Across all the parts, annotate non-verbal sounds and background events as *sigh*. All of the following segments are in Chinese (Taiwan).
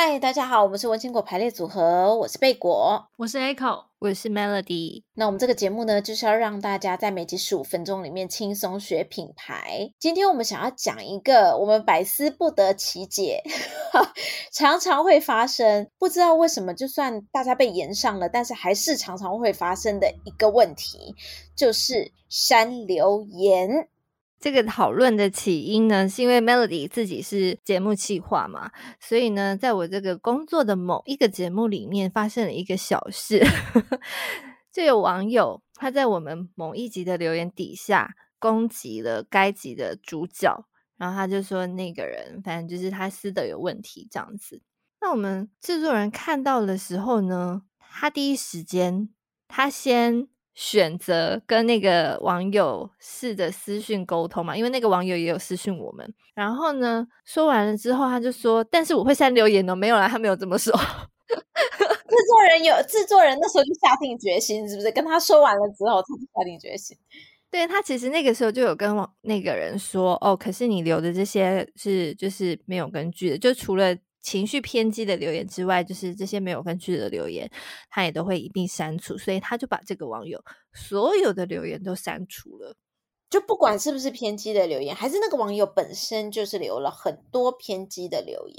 嗨，大家好，我們是文青果排列組合，我是貝果，我是 Echo，我是 Melody。那我們這個節目呢，就是要讓大家在每集十五分鐘裡面輕鬆學品牌。今天我們想要講一個我們百思不得其解， *laughs* 常常會發生，不知道為什麼，就算大家被炎上了，但是還是常常會發生的一個問題，就是刪留言。這個討論的起因呢，是因為 Melody 自己是節目企劃嘛，所以呢，在我這個工作的某一個節目裡面，發生了一個小事， *laughs* 就有網友他在我們某一集的留言底下攻擊了該集的主角，然後他就說那個人反正就是他私德有問題這樣子。那我們制作人看到的時候呢，他第一時間他先選擇跟那個網友試着私訊溝通嘛，因為那個網友也有私訊我們。然後呢，說完了之後，他就說：“但是我會刪留言哦。”沒有啦，他沒有這麼說。 *laughs* 制作人有，制作人那時候就下定決心，是不是？跟他說完了之後，他就下定決心。對，他其實那個時候就有跟網那個人說：“哦，可是你留的這些是，就是沒有根據的，就除了。”情緒偏激的留言之外，就是這些沒有根據的留言，他也都會一併刪除。所以他就把這個網友所有的留言都刪除了，就不管是不是偏激的留言，還是那個網友本身就是留了很多偏激的留言，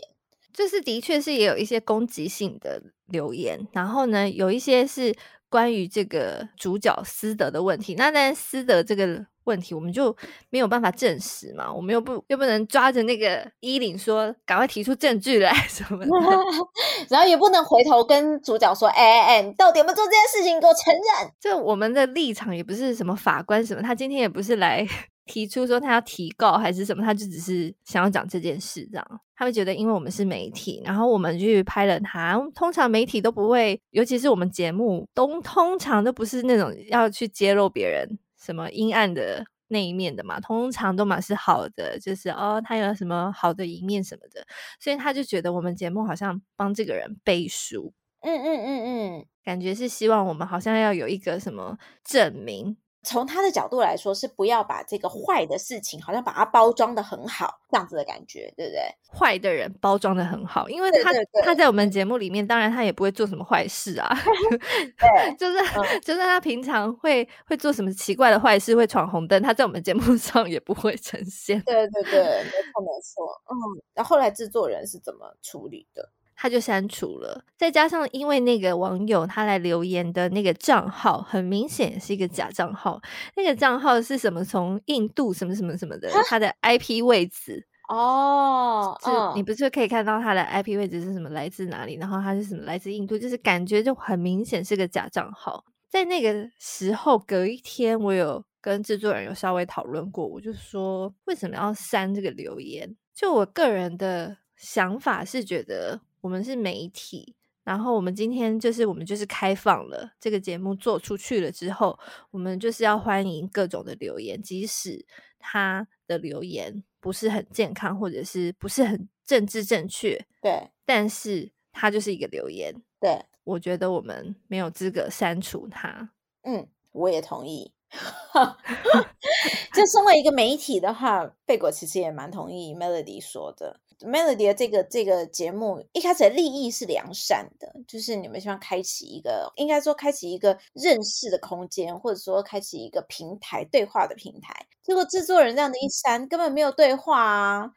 這、就是的確是也有一些攻擊性的留言，然後呢，有一些是。關於這個主角私德的問題，那但私德這個問題，我們就沒有辦法證實嘛，我們又不又不能抓着那個衣領說趕快提出證據來什麼的， *laughs* 然後也不能回頭跟主角說，哎、欸、哎、欸，你到底有沒有做這件事情，給我承認。就我們的立場也不是什麼法官什麼，他今天也不是來。 *laughs* 提出說他要提告還是什麼，他就只是想要講這件事，這樣他們覺得，因為我們是媒體，然後我們去拍了他，通常媒體都不會，尤其是我們節目，通通常都不是那種要去揭露別人什麼陰暗的那一面的嘛，通常都滿是好的，就是哦他有什麼好的一面什麼的，所以他就覺得我們節目好像幫這個人背書，嗯嗯嗯嗯，感覺是希望我們好像要有一個什麼證明。從他的角度來說，是不要把這個壞的事情，好像把它包裝的很好，這樣子的感覺，對不對？壞的人包裝的很好，因為他對對對，他在我們節目裡面，當然他也不會做什麼壞事啊。 *laughs* 就是、嗯、就是他平常會會做什麼奇怪的壞事，會闖紅燈，他在我們節目上也不會呈現。對對對，沒錯沒錯，嗯。那後來製作人是怎麼處理的？他就刪除了，再加上因為那個網友他來留言的那個賬號，很明顯是一個假賬號。那個賬號是什麼？從印度什麼什麼什麼的，他、啊、的 IP 位置哦，就哦你不是可以看到他的 IP 位置是什麼，來自哪裡？然後他是什麼來自印度，就是感覺就很明顯是個假賬號。在那個時候，隔一天我有跟製作人有稍微討論過，我就說為什麼要刪這個留言？就我個人的想法是覺得。我們是媒體，然後我們今天就是我們就是開放了這個節目做出去了之後，我們就是要歡迎各種的留言，即使他的留言不是很健康或者是不是很政治正確，對，但是他就是一個留言，對，我覺得我們沒有資格刪除他。嗯，我也同意。 *laughs* 就身為一個媒體的話，貝果其實也蠻同意 Melody 說的。Melody 的這個這個節目一開始的立意是良善的，就是你們希望開啟一個，應該說開啟一個認識的空間，或者說開啟一個平台對話的平台。結果制作人這樣的一刪，根本沒有對話啊！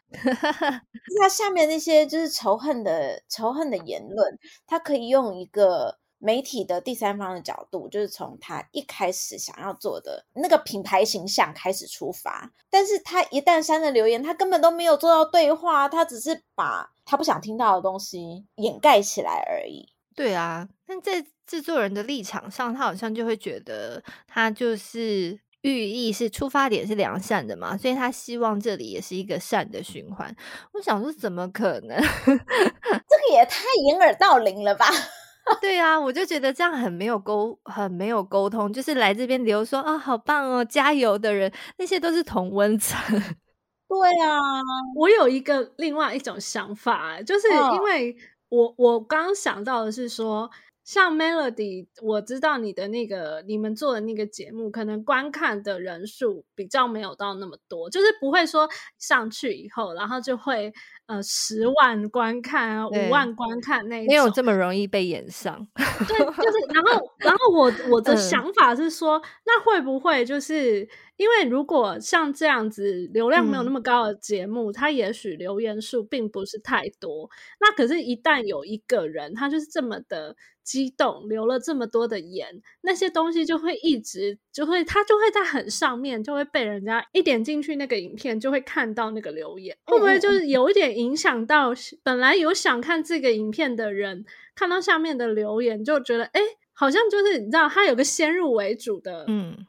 那 *laughs* 下面那些就是仇恨的仇恨的言論，他可以用一個。媒體的第三方的角度，就是從他一開始想要做的那個品牌形象開始出發，但是他一旦刪了留言，他根本都沒有做到對話，他只是把他不想聽到的東西掩蓋起來而已。對啊，但在制作人的立場上，他好像就會覺得他就是寓意，是出發點是良善的嘛，所以他希望這裡也是一個善的循環。我想說，怎麼可能？ *laughs* *laughs* 這個也太掩耳盜鈴了吧！ *laughs* 對啊，我就覺得這樣很沒有溝，很沒有溝通。就是來這邊留說啊、哦，好棒哦，加油的人，那些都是同溫層。對啊，我有一個另外一種想法，就是因為我、oh. 我剛想到的是說，像 Melody，我知道你的那個你們做的那個節目，可能觀看的人數比較沒有到那麼多，就是不會說上去以後，然後就會。呃，十萬觀看啊，五萬觀看，那沒有這麼容易被炎上。 *laughs* 對，就是然後然後我的我的想法是說，嗯、那會不會就是因為如果像這樣子流量沒有那麼高的節目，嗯、它也許留言數並不是太多。那可是，一旦有一個人他就是這麼的激動，留了這麼多的言，那些東西就會一直就會他就會在很上面，就會被人家一點進去那個影片就會看到那個留言，嗯、會不會就是有一點？影響到本來有想看這個影片的人，看到下面的留言就覺得，哎、欸，好像就是你知道，他有個先入為主的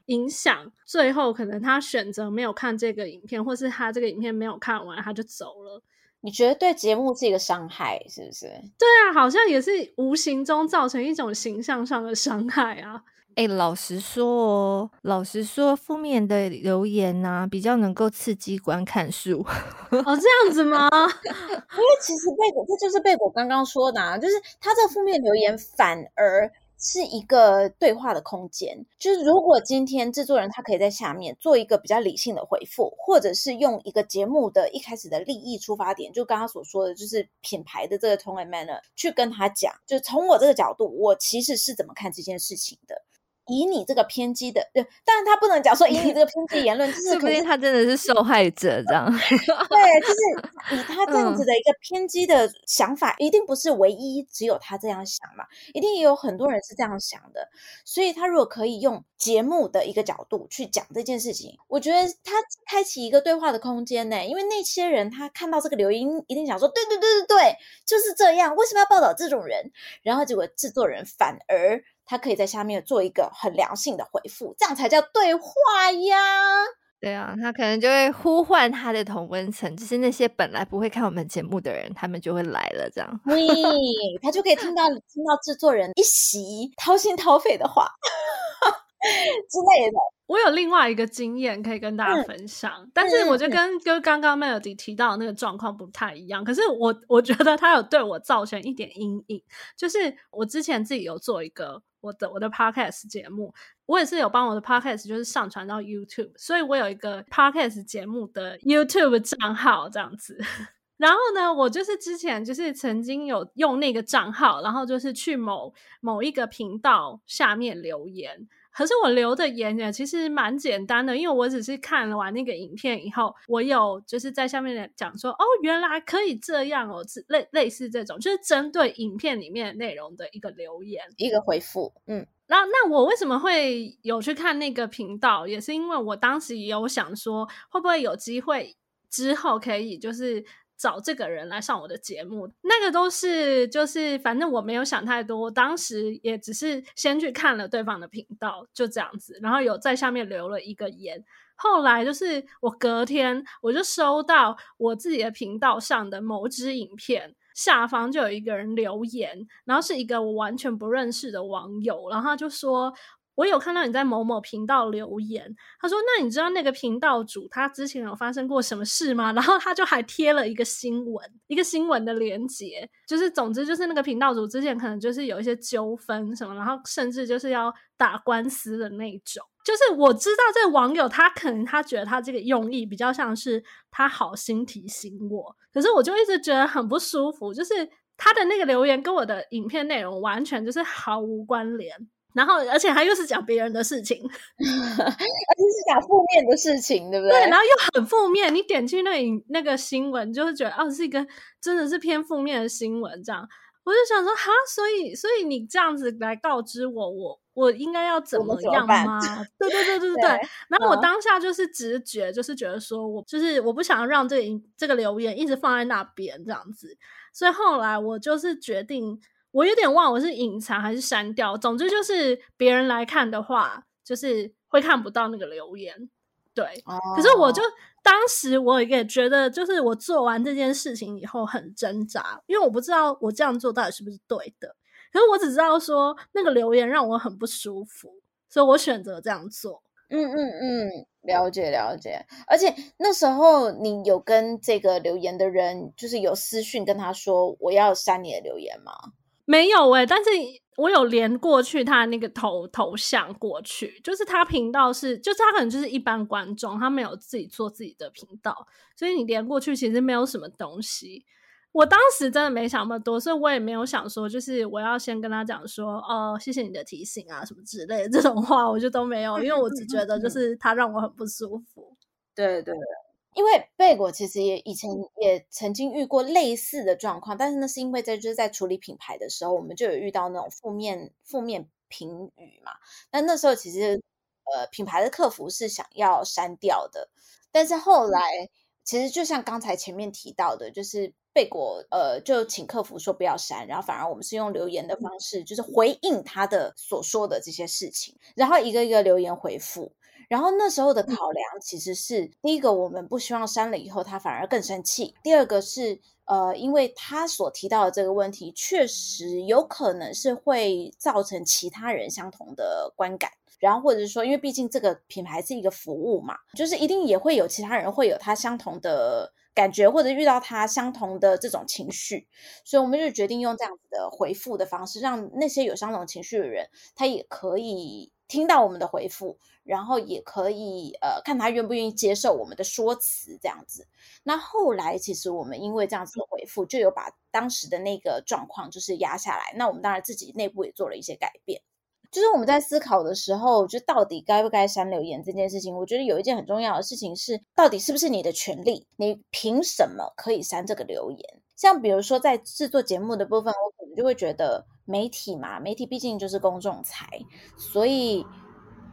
影響，嗯，最後可能他選擇沒有看這個影片，或是他這個影片沒有看完他就走了。你覺得對節目是一個傷害，是不是？對啊，好像也是無形中造成一種形象上的傷害啊。哎、欸，老實說哦，老實說，負面的留言啊，比較能夠刺激觀看數。 *laughs* 哦，這樣子嗎？ *laughs* 因為其實貝果，這就是貝果剛剛說的，啊，就是他這個負面留言反而是一個對話的空間。就是如果今天製作人他可以在下面做一個比較理性的回復，或者是用一個節目的一開始的利益出發點，就剛剛所說的，就是品牌的這個 tone and manner 去跟他講，就從我這個角度，我其實是怎麼看這件事情的。以你這個偏激的，對，但他不能講說以你這個偏激言論， *laughs* 是不是他真的是受害者這樣？ *laughs* 對，就是以他這樣子的一個偏激的想法，嗯，一定不是唯一，只有他這樣想嘛，一定也有很多人是這樣想的。所以他如果可以用節目的一個角度去講這件事情，我覺得他開啟一個對話的空間呢，欸，因為那些人他看到這個留言，一定想說對對對對對，就是這樣，為什麼要報道這種人？然後結果製作人反而。他可以在下面做一個很良性的回覆這樣才叫對話呀。對啊，他可能就會呼喚他的同溫層，就是那些本來不會看我們節目的人，他們就會來了。這樣，他就可以聽到 *laughs* 聽到制作人一席掏心掏肺的話 *laughs* 之類的。我有另外一個經驗可以跟大家分享，嗯、但是我就跟就剛剛 Melody 提到的那個狀況不太一樣。嗯、可是我我覺得他有對我造成一點陰影，就是我之前自己有做一個。我的我的 podcast 節目，我也是有幫我的 podcast 就是上傳到 YouTube，所以我有一個 podcast 節目的 YouTube 賬號這樣子。然後呢，我就是之前就是曾經有用那個賬號，然後就是去某某一個頻道下面留言。可是我留的言也其實蠻簡單的，因為我只是看完那個影片以後，我有就是在下面講說，哦，原來可以這樣哦，類類似這種，就是針對影片裡面內容的一個留言，一個回復。嗯，那那我為什麼會有去看那個頻道，也是因為我當時也有想說，會不會有機會之後可以就是。找這個人來上我的節目，那個都是就是反正，我沒有想太多，當時也只是先去看了對方的頻道，就這樣子，然後有在下面留了一個言。後來就是我隔天我就收到我自己的頻道上的某支影片下方就有一個人留言，然後是一個我完全不認識的網友，然後他就說。我有看到你在某某頻道留言，他說：“那你知道那個頻道主他之前有發生過什麼事嗎？”然後他就還貼了一個新聞，一個新聞的連結，就是總之就是那個頻道主之前可能就是有一些糾紛什麼，然後甚至就是要打官司的那種。就是我知道這個網友他可能他覺得他這個用意比較像是他好心提醒我，可是我就一直覺得很不舒服，就是他的那個留言跟我的影片內容完全就是毫無關聯。然後，而且他又是講別人的事情， *laughs* 而且是講負面的事情，對不對？對，然後又很負面。你點擊那裡那個新聞，就會覺得哦，是一個真的是偏負面的新聞。這樣，我就想說，哈，所以，所以你這樣子來告知我，我我應該要怎麼樣嗎？對對對對對 *laughs* 對。然後我當下就是直覺，就是覺得說我就是我不想讓這個、這個留言一直放在那邊這樣子，所以後來我就是決定。我有點忘，我是隱藏還是刪掉？總之就是別人來看的話，就是會看不到那個留言。對，哦、可是我就當時我也覺得，就是我做完這件事情以後很掙扎，因為我不知道我這樣做到底是不是對的。可是我只知道說那個留言讓我很不舒服，所以我選擇這樣做。嗯嗯嗯，了解了解。而且那時候你有跟這個留言的人，就是有私訊跟他說我要刪你的留言嗎？沒有欸，但是我有連過去他那個頭頭像過去，就是他頻道是，就是他可能就是一般觀眾，他沒有自己做自己的頻道，所以你連過去其實沒有什麼東西。我當時真的沒想那麼多，所以我也沒有想說，就是我要先跟他講說，哦，謝謝你的提醒啊，什麼之類的這種話，我就都沒有，因為我只覺得就是他讓我很不舒服。對對。因為貝果其實也以前也曾經遇過類似的狀況，但是那是因為在就是在處理品牌的時候，我們就有遇到那種負面負面評語嘛。那那時候其實呃品牌的客服是想要刪掉的，但是後來其實就像剛才前面提到的，就是貝果呃就請客服說不要刪，然後反而我們是用留言的方式，就是回應他的所說的這些事情，然後一個一個留言回覆然後那時候的考量其實是：第一個，我們不希望刪了以後他反而更生氣；第二個是，呃，因為他所提到的這個問題確實有可能是會造成其他人相同的觀感。然後，或者是說，因為畢竟這個品牌是一個服務嘛，就是一定也會有其他人會有他相同的感覺，或者遇到他相同的這種情緒，所以我們就決定用這樣子的回覆的方式，讓那些有相同情緒的人，他也可以聽到我們的回覆。然後也可以呃看他願不願意接受我們的說辭這樣子。那後來其實我們因為這樣子的回覆，就有把當時的那個狀況就是壓下來。那我們當然自己內部也做了一些改變，就是我們在思考的時候，就到底該不該刪留言這件事情。我覺得有一件很重要的事情是，到底是不是你的權利？你憑什麼可以刪這個留言？像比如說在製作節目的部分，我們就會覺得媒體嘛，媒體畢竟就是公眾財，所以，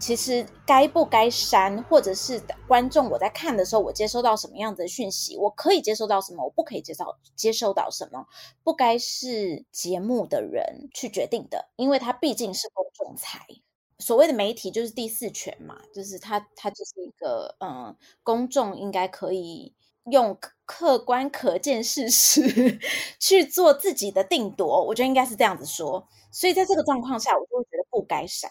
其實該不該刪，或者是觀眾我在看的時候，我接收到什麼樣子的訊息，我可以接收到什麼，我不可以接收到，接收到什麼，不該是節目的人去決定的，因為它畢竟是公眾財。所謂的媒體就是第四權嘛，就是它，它就是一個嗯、呃，公眾應該可以用客觀可見事實去做自己的定奪。我覺得應該是這樣子說，所以在這個狀況下，我就會覺得不該刪。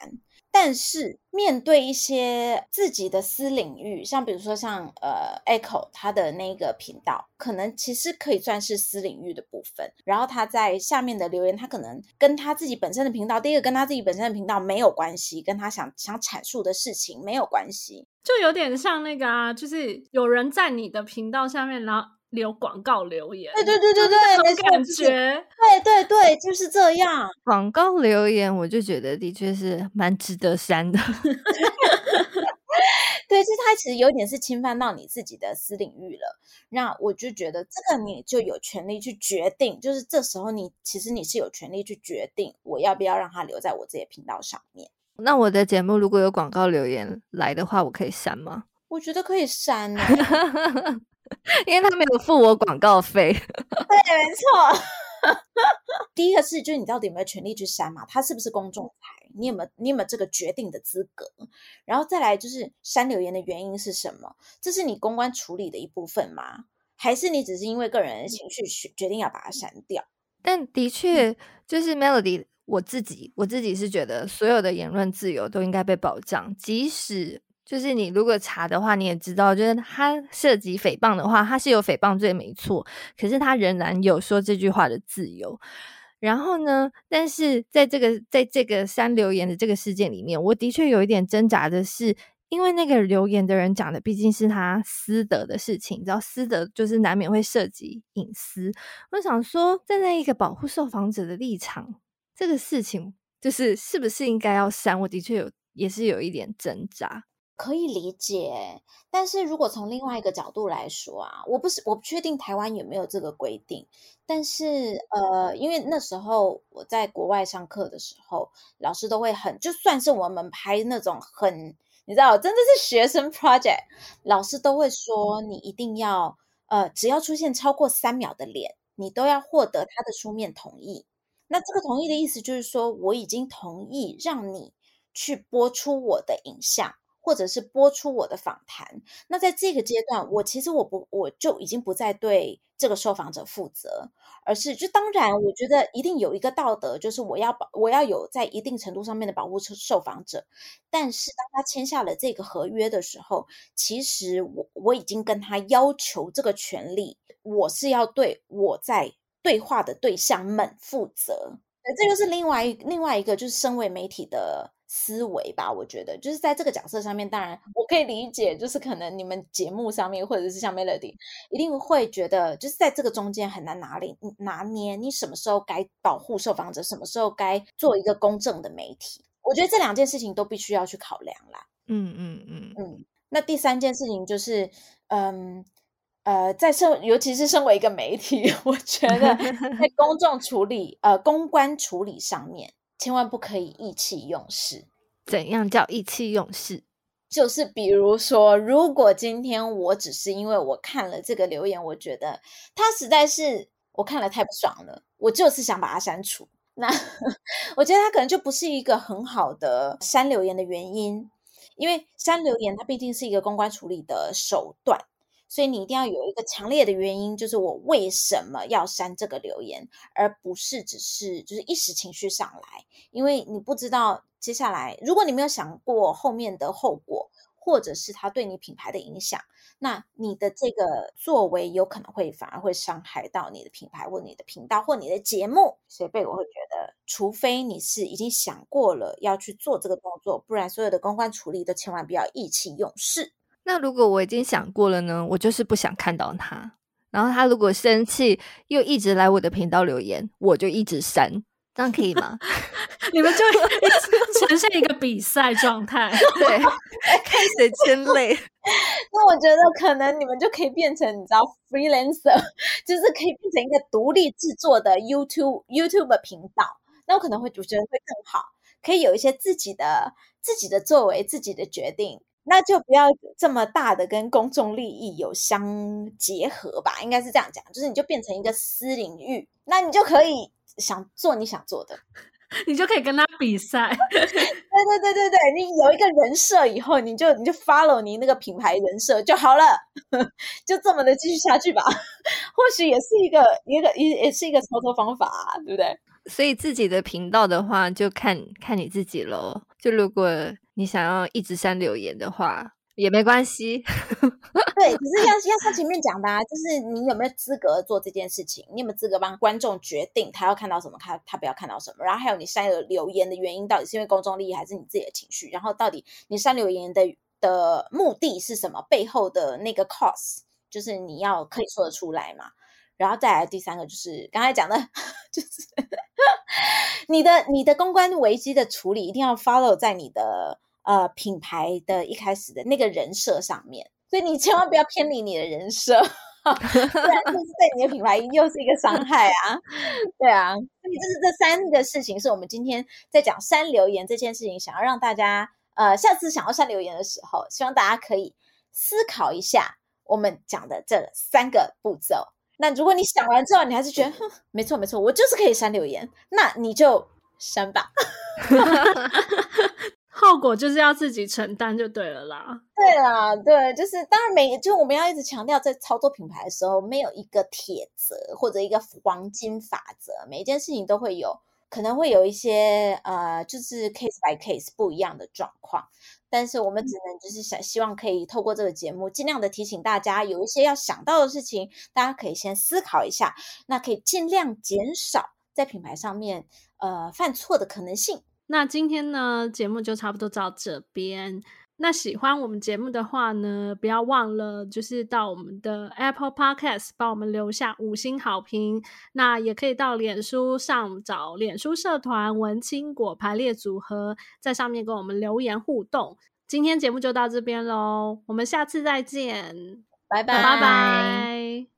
但是面對一些自己的私領域，像比如說像呃，Echo 他的那個頻道，可能其實可以算是私領域的部分。然後他在下面的留言，他可能跟他自己本身的頻道，第一個跟他自己本身的頻道沒有關係，跟他想想闡述的事情沒有關係，就有點像那個啊，就是有人在你的頻道下面，然後。留廣告留言，對對對對對，感覺、就是，對對對，就是這樣。廣告留言，我就覺得的確是蠻值得刪的。 *laughs* *laughs* *laughs* 對，就是它其實有點是侵犯到你自己的私領域了。那我就覺得這個你就有權利去決定，就是這時候你其實你是有權利去決定我要不要讓它留在我自己的頻道上面。那我的節目如果有廣告留言來的話，我可以刪嗎？我覺得可以刪啊。 *laughs* *laughs* 因為他沒有付我廣告費 *laughs* 對，沒錯。 *laughs* 第一個是，就是你到底有沒有權利去刪嘛、啊？他是不是公眾財？你有沒有你有沒有這個決定的資格？然後再來就是刪留言的原因是什麼？這是你公關處理的一部分嗎？還是你只是因為個人的情緒決定要把它刪掉？但的確，就是 Melody，我自己我自己是覺得所有的言論自由都應該被保障，即使。就是你如果查的話，你也知道，就是他涉及誹謗的話，他是有誹謗罪沒錯。可是他仍然有說這句話的自由。然後呢，但是在這個在這個刪留言的這個事件裡面，我的確有一點掙扎的是，因為那個留言的人講的畢竟是他私德的事情，你知道私德就是難免會涉及隱私。我想說，站在一個保護受訪者的立場，這個事情就是是不是應該要刪？我的確有也是有一點掙扎。可以理解，但是如果從另外一個角度來說啊，我不是我不確定台灣有沒有這個規定，但是呃，因為那時候我在國外上課的時候，老師都會很，就算是我們拍那種很，你知道，真的是學生 project，老師都會說你一定要呃，只要出現超過三秒的臉，你都要獲得他的書面同意。那這個同意的意思就是說，我已經同意讓你去播出我的影像。或者是播出我的訪談，那在這個階段，我其實我不，我就已經不再對這個受訪者負責，而是就當然，我覺得一定有一個道德，就是我要保，我要有在一定程度上面的保護受受訪者。但是當他簽下了這個合約的時候，其實我我已經跟他要求這個權利，我是要對我在對話的對象們負責。對，這就是另外一另外一個，就是身為媒體的思維吧。我覺得，就是在這個角色上面，當然我可以理解，就是可能你們節目上面，或者是像 Melody，一定會覺得，就是在這個中間很難拿捏，拿捏你什麼時候該保護受訪者，什麼時候該做一個公正的媒體。我覺得這兩件事情都必須要去考量啦。嗯嗯嗯嗯。那第三件事情就是，嗯。呃，在生，尤其是身為一個媒體，我覺得在公眾處理、呃，公關處理上面，千萬不可以意氣用事。怎樣叫意氣用事？就是比如說，如果今天我只是因為我看了這個留言，我覺得他實在是我看了太不爽了，我就是想把他刪除。那我覺得他可能就不是一個很好的刪留言的原因，因為刪留言它畢竟是一個公關處理的手段。所以你一定要有一個強烈的原因，就是我為什麼要刪這個留言，而不是只是就是一時情緒上來。因為你不知道接下來，如果你沒有想過後面的後果，或者是它對你品牌的影響，那你的這個作為有可能會反而會傷害到你的品牌或你的頻道或你的節目。所以貝果會覺得，除非你是已經想過了要去做這個動作，不然所有的公關處理都千萬不要意氣用事。那如果我已經想過了呢？我就是不想看到他。然後他如果生氣，又一直來我的頻道留言，我就一直刪，這樣可以嗎？你們就呈現一個比賽狀態， *laughs* 對，看誰先累。 *laughs* 那我覺得可能你們就可以變成你知道 freelancer，就是可以變成一個獨立制作的 YouTube YouTube 頻道。那我可能會主持人會更好，可以有一些自己的自己的作為，自己的決定。那就不要這麼大的跟公眾利益有相結合吧，應該是這樣講，就是你就變成一個私領域，那你就可以想做你想做的，你就可以跟他比賽。 *laughs* *laughs* 對對對對對，你有一個人設以後，你就你就 follow 你那個品牌人設就好了， *laughs* 就這麼的繼續下去吧。 *laughs* 或許也是一個一個也，也是一個操作方法啊，對不對？所以自己的頻道的話，就看看你自己嘍。就如果你想要一直刪留言的話，也沒關係。 *laughs* 對，只是要要像前面講的啊，就是你有沒有資格做這件事情？你有沒有資格幫觀眾決定他要看到什麼，他他不要看到什麼？然後還有你刪留言的原因，到底是因為公眾利益還是你自己的情緒？然後到底你刪留言的的目的是什麼？背後的那個 cause，就是你要可以說得出來嘛？然後再來第三個就是剛才講的，就是你的你的公關危機的處理一定要 follow 在你的呃品牌的一開始的那個人設上面，所以你千萬不要偏離你的人設， *laughs* 然是不然就是對你的品牌又是一個傷害啊。 *laughs* 對啊，所以這是這三個事情是我們今天在講刪留言這件事情，想要讓大家呃下次想要刪留言的時候，希望大家可以思考一下我們講的這三個步驟。那如果你想完之後，你還是覺得，哼，沒錯沒錯，我就是可以刪留言，那你就刪吧， *laughs* *laughs* 後果就是要自己承擔就對了啦。對啦，對，就是當然每，就我們要一直強調，在操作品牌的時候，沒有一個鐵則或者一個黃金法則，每一件事情都會有，可能會有一些呃，就是 case by case 不一樣的狀況。但是我們只能就是想，希望可以透過這個節目，盡量的提醒大家，有一些要想到的事情，大家可以先思考一下，那可以盡量減少在品牌上面呃犯錯的可能性。那今天呢，節目就差不多到這邊。那喜歡我們節目的話呢，不要忘了，就是到我們的 Apple Podcast 幫我們留下五星好評。那也可以到臉書上找臉書社團“文青果排列組合”，在上面跟我們留言互動。今天節目就到這邊嘍，我們下次再見，拜拜拜拜。